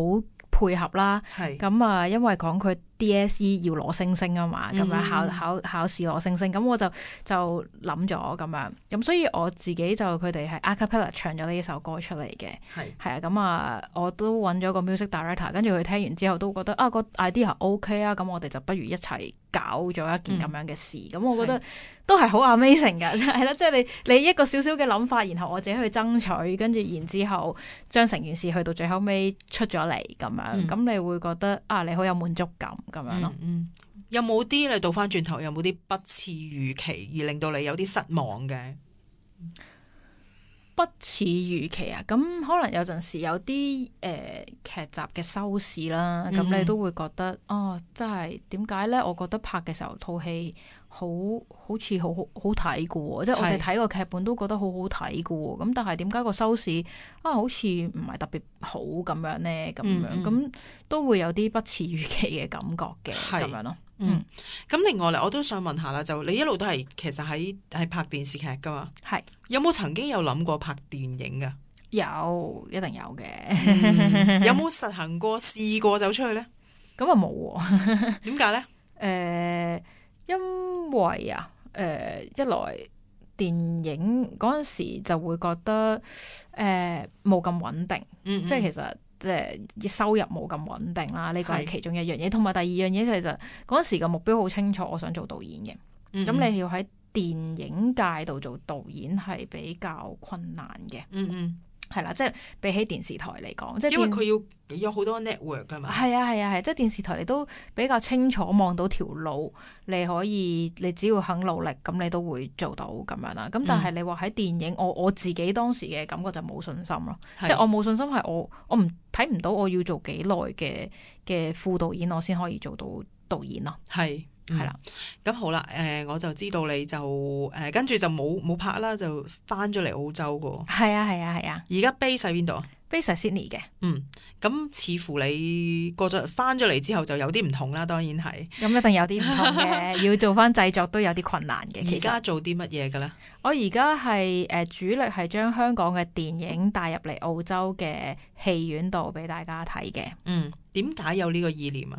配合啦，係、mm，咁、hmm. 啊因為講佢。DSE 要攞星星啊嘛，咁樣、嗯、哼考考考試攞星星，咁我就就諗咗咁樣，咁所以我自己就佢哋係 A Cappella 唱咗呢首歌出嚟嘅，係係是啊，咁啊我都搵咗個 music director，跟住佢聽完之後都覺得啊個 idea OK 啊，咁我哋就不如一齊搞咗一件咁樣嘅事，咁、嗯、我覺得都係好 amazing 噶，係啦是，即係 *laughs* 你你一個小小嘅諗法，然後我自己去爭取，跟住然之後將成件事去到最後尾出咗嚟咁樣，咁、嗯、你會覺得啊你好有滿足感。咁樣咯，嗯，有冇啲你倒翻轉頭，有冇啲不似預期而令到你有啲失望嘅？不似預期啊，咁可能有陣時有啲誒劇集嘅收視啦，咁你都會覺得、嗯、哦，真係點解咧？我覺得拍嘅時候套戲。好好，好好似好好睇嘅喎，即係我哋睇個劇本都覺得好好睇嘅喎，咁但係點解個收視啊好似唔係特別好咁樣咧？咁樣咁都會有啲不似預期嘅感覺嘅咁是樣咯。嗯，咁、嗯、另外咧，我都想問下啦，就你一路都係其實喺係拍電視劇噶嘛？係是有冇曾經有諗過拍電影噶？有，一定有嘅、 *laughs* 嗯。有冇實行過試過走出去咧？咁啊冇，點解咧？誒、 *laughs* 呃。因為啊，誒、呃，一來電影嗰陣時就會覺得誒冇咁穩定，嗯嗯，即係其實即係收入冇咁穩定啦。呢個係其中一樣嘢，同埋是第二樣嘢，就係，其實嗰陣時嘅目標好清楚，我想做導演嘅。咁、嗯嗯、你要喺電影界度做導演係比較困難嘅。嗯嗯。嗯係啦，即係比起電視台嚟講，即係因為佢要有好多 network 噶嘛。係啊係啊係，即係電視台你都比較清楚望到條路，你可以你只要肯努力咁，你都會做到咁樣啦。咁但係你話喺電影，嗯、我我自己當時嘅感覺就冇信心咯，即係係我冇信心係我我唔睇唔到我要做幾耐嘅嘅副導演，我先可以做到導演咯。係。係啦，咁、嗯、好啦，誒、呃、我就知道你就誒跟住就冇冇拍啦，就翻咗嚟澳洲噶。係啊，係啊，係啊。而家 base 喺邊度？Base 喺 Sydney 嘅。嗯，咁似乎你過咗翻咗嚟之後，就有啲唔同啦。當然係。咁一定有啲唔同嘅， *laughs* 要做翻製作都有啲困難嘅。而家做啲乜嘢嘅咧？我而家係誒主力係將香港嘅電影帶入嚟澳洲嘅戲院度俾大家睇嘅。嗯，點解有呢個意念啊？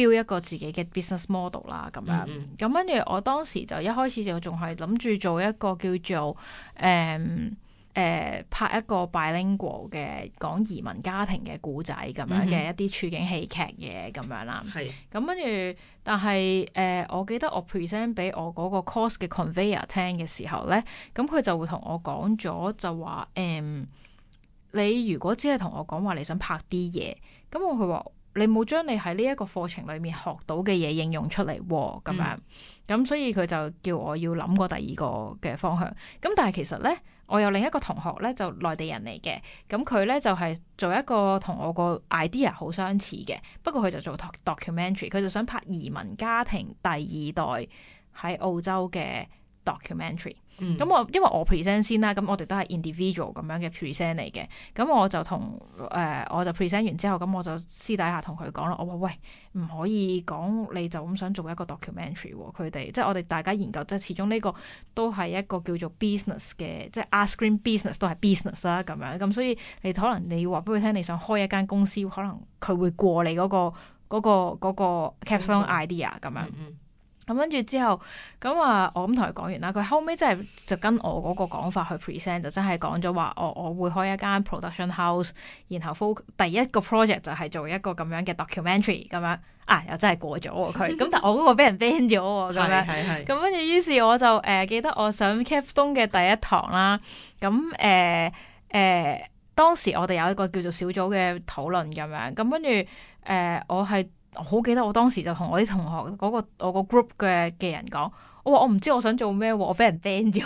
標一個自己嘅 business model 啦，咁樣，咁跟住我當時就一開始就仲係諗住做一個叫做誒誒、嗯呃、拍一個 bilingual 嘅講移民家庭嘅故仔咁樣嘅一啲處境戲劇嘢咁樣啦。係、mm，咁跟住但係誒、呃、我記得我 present 俾我嗰個 course 嘅 conveyor 聽嘅時候咧，咁佢就會同我講咗就話誒、嗯、你如果只係同我講話你想拍啲嘢，咁我佢話。你冇將你喺呢一個課程裏面學到嘅嘢，應用出嚟，咁樣，咁、嗯、所以佢就叫我要諗過第二個嘅方向。咁但係其實咧，我有另一個同學咧，就內地人嚟嘅，咁佢咧就係、是、做一個同我個 idea 好相似嘅，不過佢就做 documentary，佢就想拍移民家庭第二代喺澳洲嘅 documentary，咁我、嗯、因為我先 present 先啦，咁我哋都係 individual 咁樣嘅 present 嚟嘅，咁我就同誒、呃、我就 present 完之後，咁我就私底下同佢講咯，我話喂，唔可以講你就咁想做一個 documentary，佢哋即係我哋大家研究，即係始終呢個都係一個叫做 business 嘅，即係 ice cream business 都係 business 啦，咁樣咁所以你可能你要話俾佢聽，你想開一間公司，可能佢會過你嗰、嗰個嗰、嗰個嗰、嗰個、嗰個、caption idea 咁樣。 *laughs* 咁跟住之後，咁話我咁同佢講完啦。佢後尾真係就跟我嗰個講法去 present，就真係講咗話我我會開一間 production house，然後 focus 第一個 project 就係做一個咁樣嘅 documentary 咁樣啊，又真係過咗佢。咁但我嗰個俾人 ban 咗咁樣。係係係。咁跟住於是我就誒、呃、記得我上 Capstone 嘅第一堂啦。咁誒誒當時我哋有一個叫做小組嘅討論咁樣。咁跟住誒我係。我好記得我當時就同我啲同學嗰、那個我個 group 嘅嘅人講，我話我唔知我想做咩，我俾人 ban 咗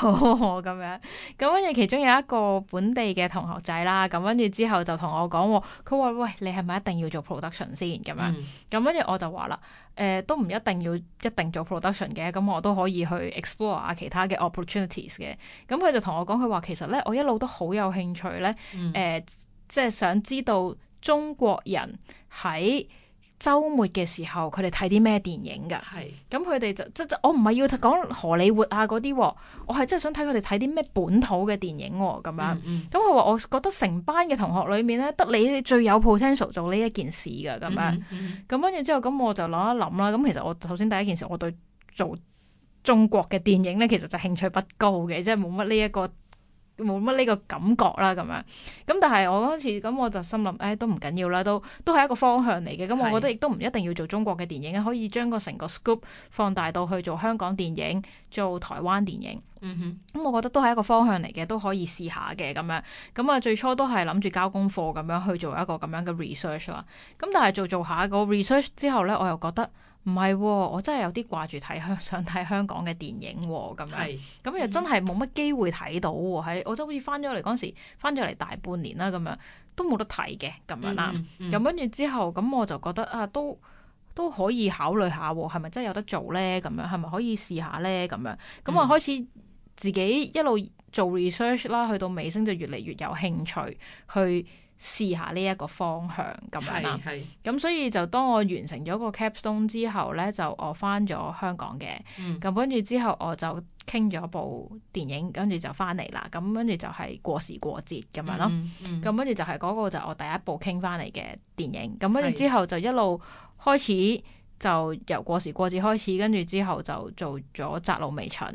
咁樣。咁跟住其中有一個本地嘅同學仔啦，咁跟住之後就同我講，佢話喂，你係咪一定要做 production 先咁樣？咁跟住我就話啦，誒、呃，都唔一定要一定做 production 嘅，咁我都可以去 explore 下、啊、其他嘅 opportunities 嘅。咁佢就同我講，佢話其實咧，我一路都好有興趣咧，誒、mm. 呃，即係想知道中國人喺。周末嘅時候，佢哋睇啲咩電影噶？咁佢哋就即我唔係要講荷里活啊，嗰啲，我係真係想睇佢哋睇啲咩本土嘅電影咁樣。咁佢話我覺得成班嘅同學裏面咧，得你最有 potential 做呢一件事噶咁樣。咁跟住之後，咁我就諗一諗啦。咁其實我首先第一件事，我對做中國嘅電影咧，其實就興趣不高嘅，即係冇乜呢一個。冇乜呢個感覺啦，咁樣咁，但係我嗰時咁，我就心諗，誒都唔緊要啦，都都係一個方向嚟嘅。咁的我覺得亦都唔一定要做中國嘅電影，可以將個成個 scoop 放大到去做香港電影、做台灣電影。咁、嗯哼嗯、我覺得都係一個方向嚟嘅，都可以試下嘅咁樣。咁啊，最初都係諗住交功課咁樣去做一個咁樣嘅 research 啦。咁但係做做下個 research 之後呢，我又覺得。唔係，我真係有啲掛住睇香，想睇香港嘅電影咁樣。咁又 *noise* 真係冇乜機會睇到喎。 *noise* 喺我真係好似翻咗嚟嗰陣時，翻咗嚟大半年啦，咁樣都冇得睇嘅咁樣啦。咁跟住之後，咁我就覺得啊，都都可以考慮下，係咪真係有得做咧？咁樣係咪可以試下咧？咁樣咁 *noise* 我開始自己一路做 research 啦，去到尾聲就越嚟越有興趣去，試下呢一個方向咁樣啦，咁所以就當我完成咗個 capstone 之後呢，就我翻咗香港嘅，咁、嗯、跟住之後我就傾咗部電影，跟住就翻嚟啦，咁跟住就係過時過節咁樣咯，咁、嗯嗯、跟住就係嗰個就我第一部傾翻嚟嘅電影，咁跟住之後就一路開始就由過時過節開始，跟住之後就做咗摘露未塵。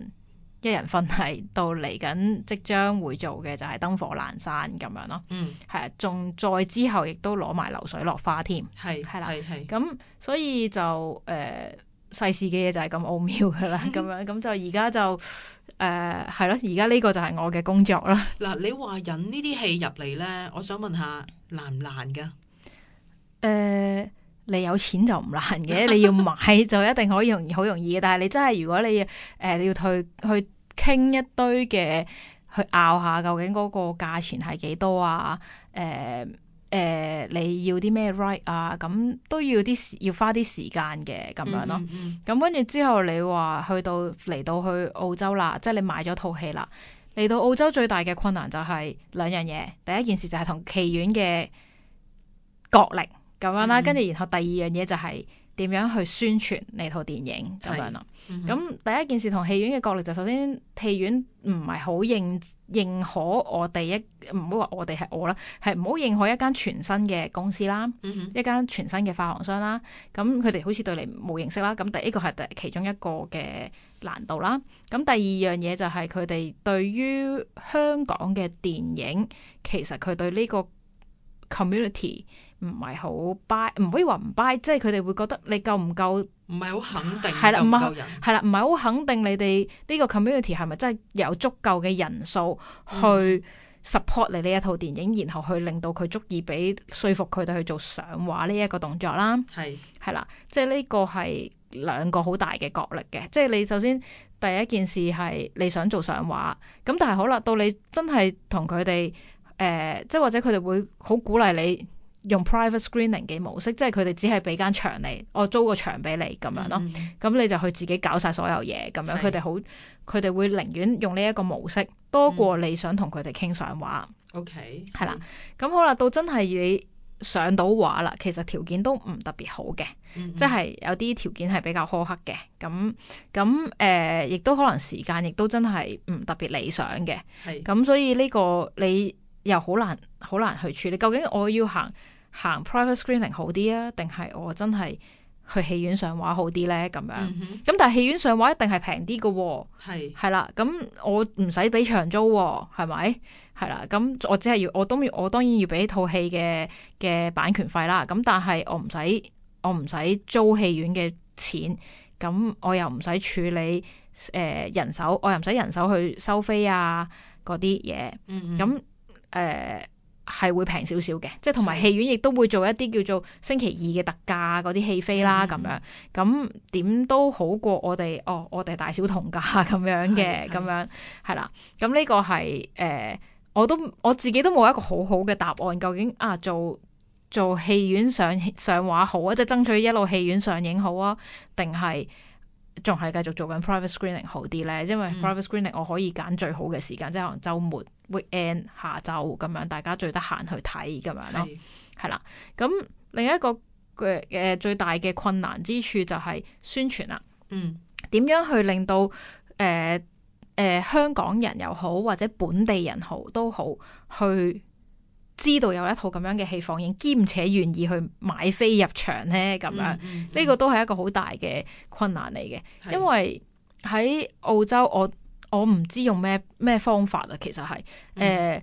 一人分戲到嚟緊，即將會做嘅就係燈火闌珊咁樣咯。嗯，係啊，仲再之後亦都攞埋流水落花添。係係啦，咁所以就誒、呃、世事嘅嘢就係咁奧妙噶啦。咁 *laughs* 樣咁就而家就誒係咯，而家呢個就係我嘅工作啦。嗱， *laughs* 你話引呢啲戲入嚟咧，我想問下難唔難噶？誒、呃。你有錢就唔難嘅， *laughs* 你要買就一定好容易好容易嘅。但係你真係如果你誒要、呃、要去去傾一堆嘅去拗下究竟嗰個價錢係幾多啊？誒、呃、誒、呃，你要啲咩 right 啊？咁都要啲要花啲時間嘅咁樣咯。咁跟住之後你話去到嚟到去澳洲啦，即係你買咗套戲啦。嚟到澳洲最大嘅困難就係兩樣嘢。第一件事就係同劇院嘅角力。咁樣啦、啊，跟住、嗯、然後第二樣嘢就係點樣去宣傳呢套電影咁是樣啦、啊。咁、嗯、哼第一件事同戲院嘅角力就首先戲院唔係好認認可我哋一唔好話我哋係我啦，係唔好認可一間全新嘅公司啦，嗯、哼一間全新嘅發行商啦。咁佢哋好似對你冇認識啦。咁第一個係其中一個嘅難度啦。咁第二樣嘢就係佢哋對於香港嘅電影，其實佢對呢個 community。唔係好 buy，唔可以話唔 buy，即係佢哋會覺得你夠唔夠，唔係好肯定係啦，唔係係啦，唔係好肯定你哋呢個 community 係咪真係有足夠嘅人數去 support 你呢一套電影，嗯、然後去令到佢足以俾說服佢哋去做上畫呢一個動作啦。係係啦，即係呢個係兩個好大嘅角力嘅，即係你首先第一件事係你想做上畫，咁但係好啦，到你真係同佢哋誒，即係或者佢哋會好鼓勵你。用 private screening 嘅模式，即係佢哋只係俾間場你，我、哦、租個場俾你咁樣咯，咁、嗯、你就去自己搞晒所有嘢咁樣。佢哋好，佢哋會寧願用呢一個模式多過你想同佢哋傾上畫。OK，係、嗯、啦，咁、嗯、好啦，到真係你上到畫啦，其實條件都唔特別好嘅，嗯嗯，即係有啲條件係比較苛刻嘅。咁咁誒，亦、呃、都可能時間亦都真係唔特別理想嘅。係咁是，所以呢個你又好難好難去處理。究竟我要行？行 private screening 好啲啊，定係我真係去戲院上畫好啲咧？咁樣咁，Mm-hmm. 但係戲院上畫一定係平啲噶，係係是啦。咁我唔使俾場租，啊，係咪？係啦。咁我只係要我當要我當然要俾套戲嘅嘅版權費啦。咁但係我唔使我唔使租戲院嘅錢，咁我又唔使處理誒、呃、人手，我又唔使人手去收飛啊嗰啲嘢。咁誒。Mm hmm. 係會平少少嘅，即係同埋戲院亦都會做一啲叫做星期二嘅特價嗰啲戲飛啦，咁樣咁點都好過我哋哦，我哋大小同價咁樣嘅，咁樣係啦。咁呢個係誒、呃，我都我自己都冇一個好好嘅答案，究竟啊做做戲院上上畫好啊，即係爭取一路戲院上映好啊，定係仲係繼續做緊 private screening 好啲咧？因為 private screening 我可以揀最好嘅時間，嗯、即係可能周末。Weekend 下晝咁樣，大家最得閒去睇咁樣咯，係啦是。咁另一個嘅誒，最大嘅困難之處就係宣傳啦。嗯，點樣去令到誒誒、呃呃、香港人又好或者本地人好都好去知道有一套咁樣嘅戲放映，兼且願意去買飛入場咧？咁樣呢、嗯嗯嗯、個都係一個好大嘅困難嚟嘅，是因為喺澳洲我。我唔知用咩咩方法啦，其實係誒誒，係、mm hmm.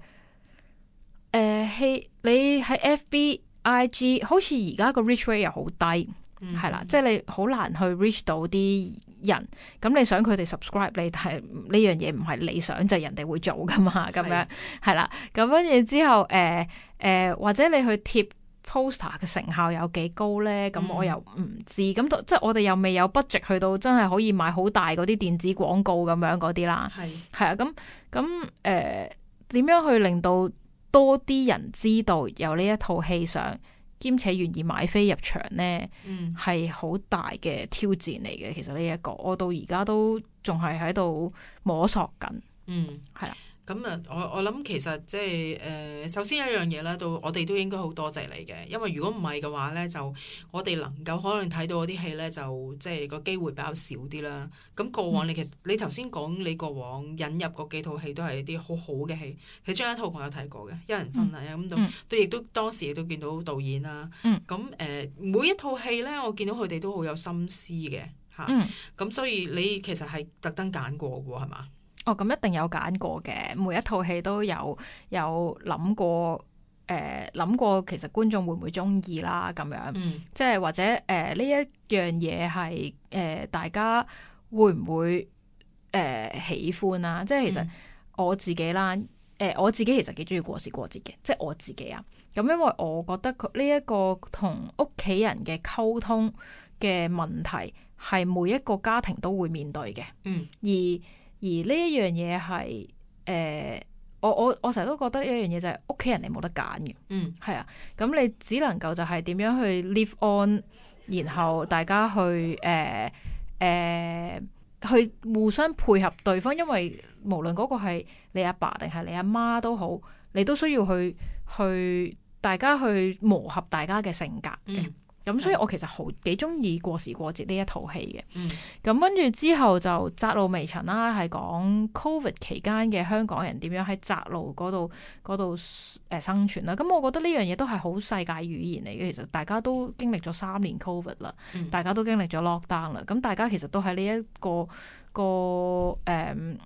呃欸、你喺 F B I G，好似而家個 reach rate 又好低，係、mm hmm. 啦，即係你好難去 reach 到啲人，咁你想佢哋 subscribe 你，但呢樣嘢唔係你想就是、人哋會做噶嘛，咁樣係、mm hmm. 啦，咁跟住之後誒誒、呃呃，或者你去貼。Poster 嘅成效有幾高咧？咁我又唔知。咁、嗯、即係我哋又未有 budget 去到真係可以買好大嗰啲電子廣告咁樣嗰啲啦。係係是啊，咁咁誒，點、呃、樣去令到多啲人知道有呢一套戲上，兼且願意買飛入場咧？嗯，係好大嘅挑戰嚟嘅。其實呢、這、一個，我到而家都仲係喺度摸索緊。嗯，係啦、啊。咁啊，我我諗其實即係誒，首先一樣嘢啦，都我哋都應該好多謝你嘅，因為如果唔係嘅話咧，就我哋能夠可能睇到嗰啲戲咧，就即係個機會比較少啲啦。咁過往你、嗯、你其實你頭先講你過往引入嗰幾套戲都係一啲好好嘅戲，其中一套我有睇過嘅《一人分飾兩角》，嗯，嗯嗯、都亦都當時亦都見到導演啦。咁誒、嗯呃，每一套戲咧，我見到佢哋都好有心思嘅嚇。咁、嗯嗯、所以你其實係特登揀過嘅喎，係嘛？哦，咁一定有揀過嘅，每一套戲都有有諗過，誒、呃、諗過其實觀眾會唔會中意啦？咁樣，嗯、即係或者誒呢、呃、一樣嘢係誒大家會唔會誒、呃、喜歡啊？即係其實我自己啦，誒、呃、我自己其實幾中意過時過節嘅，即係我自己啊。咁因為我覺得佢呢一個同屋企人嘅溝通嘅問題，係每一個家庭都會面對嘅，嗯，而而呢一樣嘢係誒，我我我成日都覺得一樣嘢就係屋企人你冇得揀嘅，嗯，係啊。咁你只能夠就係點樣去 live on，然後大家去誒誒、呃呃、去互相配合對方，因為無論嗰個係你阿爸定係你阿媽都好，你都需要去去大家去磨合大家嘅性格嘅。嗯咁、嗯、所以我其實好幾中意過時過節呢一套戲嘅。咁跟住之後就窄路微塵啦，係講 COVID 期間嘅香港人點樣喺窄路嗰嗰度度誒生存啦。咁我覺得呢樣嘢都係好世界語言嚟嘅。其實大家都經歷咗三年 COVID 啦，嗯、大家都經歷咗 lockdown 啦。咁大家其實都喺呢一個、個誒呢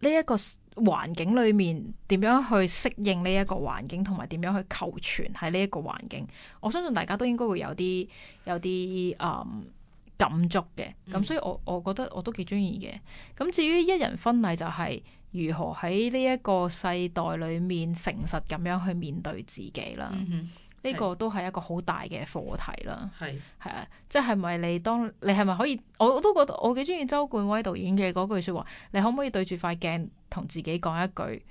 一個，嗯這個環境裏面點樣去適應呢一個環境，同埋點樣去求存喺呢一個環境，我相信大家都應該會有啲有啲誒、嗯、感觸嘅。咁所以我我覺得我都幾中意嘅。咁至於一人婚禮就係如何喺呢一個世代裏面誠實咁樣去面對自己啦。嗯呢個都係一個好大嘅課題啦。係係是啊，即係咪你當你係咪可以？我我都覺得我幾中意周冠威導演嘅嗰句說話。你可唔可以對住塊鏡同自己講一句？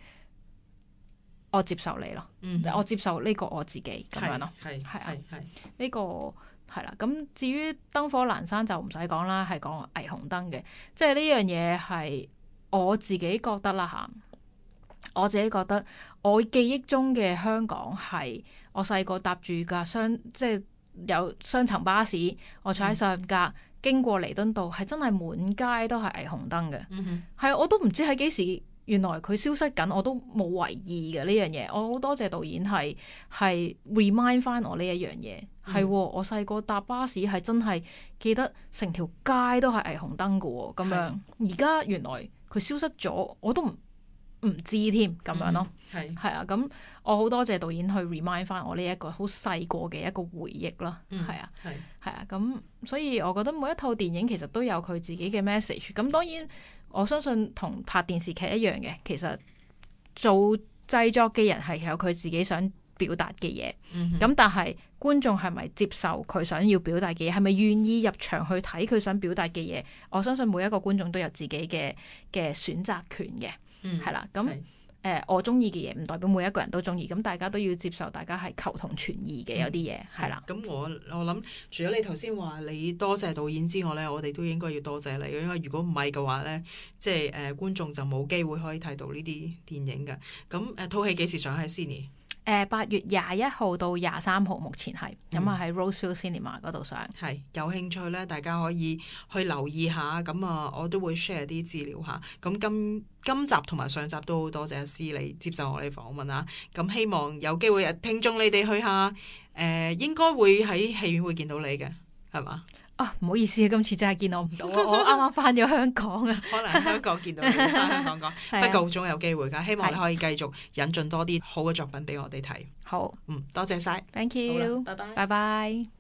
我接受你咯。嗯、哼我接受呢個我自己咁樣咯。係係係呢個係啦。咁、啊、至於燈火闌珊就唔使講啦，係講霓虹燈嘅，即係呢樣嘢係我自己覺得啦吓。我自己覺得我記憶中嘅香港係。我細個搭住架雙，即係有雙層巴士，我坐喺上架、嗯、經過彌敦道，係真係滿街都係霓虹燈嘅，係、嗯、哼我都唔知喺幾時，原來佢消失緊，我都冇為意嘅呢樣嘢。我好多謝導演係係 remind 翻我呢一樣嘢，係、嗯、我細個搭巴士係真係記得成條街都係霓虹燈嘅喎，咁樣而家的原來佢消失咗，我都唔。唔知添咁樣咯，係、嗯、啊。咁我好多謝導演去 remind 翻我呢一個好細個嘅一個回憶咯，係啊係係啊。咁所以我覺得每一套電影其實都有佢自己嘅 message。咁當然我相信同拍電視劇一樣嘅，其實做製作嘅人係有佢自己想表達嘅嘢。咁、嗯、哼但係觀眾係咪接受佢想要表達嘅嘢？係咪願意入場去睇佢想表達嘅嘢？我相信每一個觀眾都有自己嘅嘅選擇權嘅。嗯，係啦，咁誒是、呃，我中意嘅嘢，唔代表每一個人都中意，咁大家都要接受，大家係求同存異嘅，有啲嘢，係啦、嗯。咁了我我諗，除咗你頭先話你多謝導演之外咧，我哋都應該要多謝你，因為如果唔係嘅話咧，即係誒、呃、觀眾就冇機會可以睇到呢啲電影嘅。咁誒，套戲幾時上喺 Cine 八月廿一號到廿三號，目前係咁啊，喺、嗯、Rosehill Cinema 嗰度上。係有興趣咧，大家可以去留意下，咁啊，我都會 share 啲資料下。咁今今集同埋上集都好多謝阿 C 你接受我哋訪問啊，咁希望有機會啊聽眾你哋去下，誒、呃、應該會喺戲院會見到你嘅，係嘛？啊，唔好意思啊，今次真係見我唔到。 *laughs* 我啱啱翻咗香港啊，可能喺香港見到你翻香港講， *laughs* 不過總有機會噶。希望你可以繼續引進多啲好嘅作品俾我哋睇。好的，嗯，多謝晒。thank you，拜拜啦，拜拜。